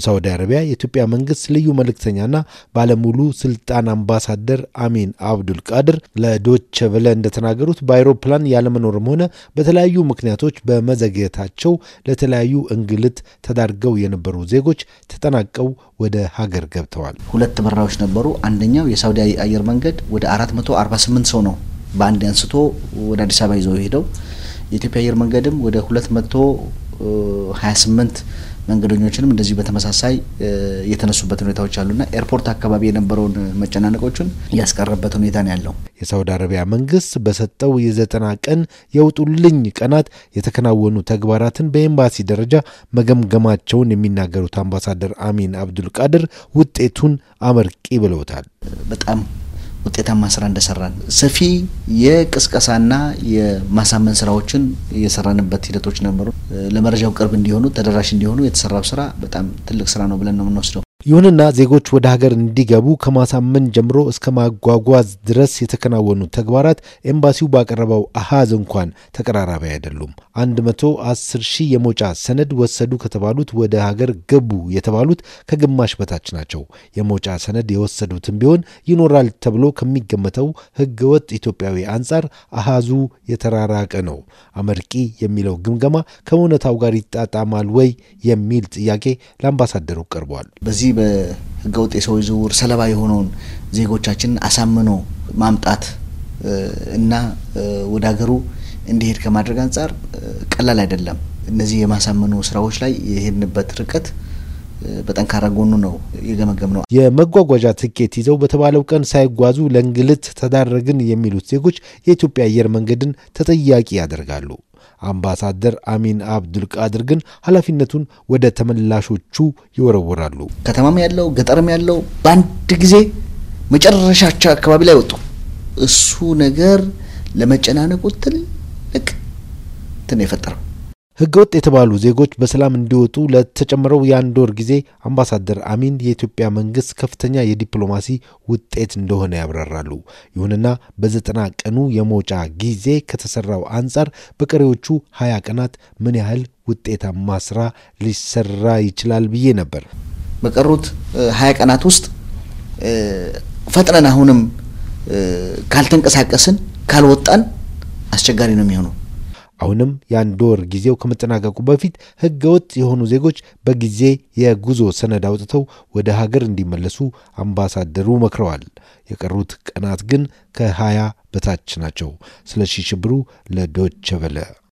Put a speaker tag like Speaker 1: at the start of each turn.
Speaker 1: በሳዑዲ አረቢያ የኢትዮጵያ መንግስት ልዩ መልእክተኛና ባለሙሉ ስልጣን አምባሳደር አሚን አብዱል ቃድር ለዶች ብለ እንደተናገሩት በአይሮፕላን ያለመኖርም ሆነ በተለያዩ ምክንያቶች በመዘግየታቸው ለተለያዩ እንግልት ተዳርገው የነበሩ ዜጎች ተጠናቀው ወደ ሀገር ገብተዋል። ሁለት በረራዎች ነበሩ። አንደኛው የሳውዲ አየር
Speaker 2: መንገድ ወደ 448 ሰው ነው በአንድ አንስቶ ወደ አዲስ አበባ ይዘው ሄደው የኢትዮጵያ አየር መንገድም ወደ 228 መንገደኞችንም እንደዚህ በተመሳሳይ የተነሱበት ሁኔታዎች አሉና ኤርፖርት አካባቢ የነበረውን መጨናነቆችን
Speaker 1: ያስቀረበት ሁኔታ ነው ያለው። የሳውዲ አረቢያ መንግስት በሰጠው የዘጠና ቀን የውጡልኝ ቀናት የተከናወኑ ተግባራትን በኤምባሲ ደረጃ መገምገማቸውን የሚናገሩት አምባሳደር አሚን አብዱል ቃድር ውጤቱን አመርቂ ብለውታል። በጣም
Speaker 2: ውጤታማ ስራ እንደሰራን ሰፊ የቅስቀሳና የማሳመን ስራዎችን የሰራንበት ሂደቶች ነበሩ። ለመረጃው ቅርብ እንዲሆኑ ተደራሽ እንዲሆኑ የተሰራው ስራ በጣም ትልቅ ስራ ነው ብለን ነው የምንወስደው።
Speaker 1: ይሁንና ዜጎች ወደ ሀገር እንዲገቡ ከማሳመን ጀምሮ እስከ ማጓጓዝ ድረስ የተከናወኑ ተግባራት ኤምባሲው ባቀረበው አሃዝ እንኳን ተቀራራቢ አይደሉም። 110 ሺህ የመውጫ ሰነድ ወሰዱ ከተባሉት ወደ ሀገር ገቡ የተባሉት ከግማሽ በታች ናቸው። የመውጫ ሰነድ የወሰዱትም ቢሆን ይኖራል ተብሎ ከሚገመተው ህገወጥ ኢትዮጵያዊ አንጻር አሃዙ የተራራቀ ነው። አመርቂ የሚለው ግምገማ ከእውነታው ጋር ይጣጣማል ወይ የሚል ጥያቄ ለአምባሳደሩ ቀርቧል። በዚህ በህገወጥ የሰዎች ዝውውር ሰለባ የሆነውን ዜጎቻችንን አሳምኖ
Speaker 2: ማምጣት እና ወደ ሀገሩ እንዲሄድ ከማድረግ አንጻር ቀላል አይደለም። እነዚህ የማሳመኑ ስራዎች ላይ የሄድንበት ርቀት በጠንካራ ጎኑ ነው የገመገም ነው።
Speaker 1: የመጓጓዣ ትኬት ይዘው በተባለው ቀን ሳይጓዙ ለእንግልት ተዳረግን የሚሉት ዜጎች የኢትዮጵያ አየር መንገድን ተጠያቂ ያደርጋሉ። አምባሳደር አሚን አብዱልቃድር ግን ኃላፊነቱን ወደ ተመላሾቹ ይወረወራሉ። ከተማም ያለው ገጠርም ያለው በአንድ ጊዜ መጨረሻቸው አካባቢ ላይ ወጡ። እሱ ነገር ለመጨናነቁ ትልቅ እንትን የፈጠረው ህገወጥ የተባሉ ዜጎች በሰላም እንዲወጡ ለተጨመረው የአንድ ወር ጊዜ አምባሳደር አሚን የኢትዮጵያ መንግስት ከፍተኛ የዲፕሎማሲ ውጤት እንደሆነ ያብራራሉ። ይሁንና በዘጠና ቀኑ የመውጫ ጊዜ ከተሰራው አንጻር በቀሪዎቹ ሀያ ቀናት ምን ያህል ውጤታማ ስራ ሊሰራ ይችላል ብዬ ነበር። በቀሩት ሀያ ቀናት ውስጥ ፈጥነን አሁንም ካልተንቀሳቀስን ካልወጣን አስቸጋሪ ነው የሚሆነው። አሁንም የአንድ ወር ጊዜው ከመጠናቀቁ በፊት ህገወጥ የሆኑ ዜጎች በጊዜ የጉዞ ሰነድ አውጥተው ወደ ሀገር እንዲመለሱ አምባሳደሩ መክረዋል። የቀሩት ቀናት ግን ከሀያ በታች ናቸው። ስለሺ ሽብሩ ለዶቸ ቨለ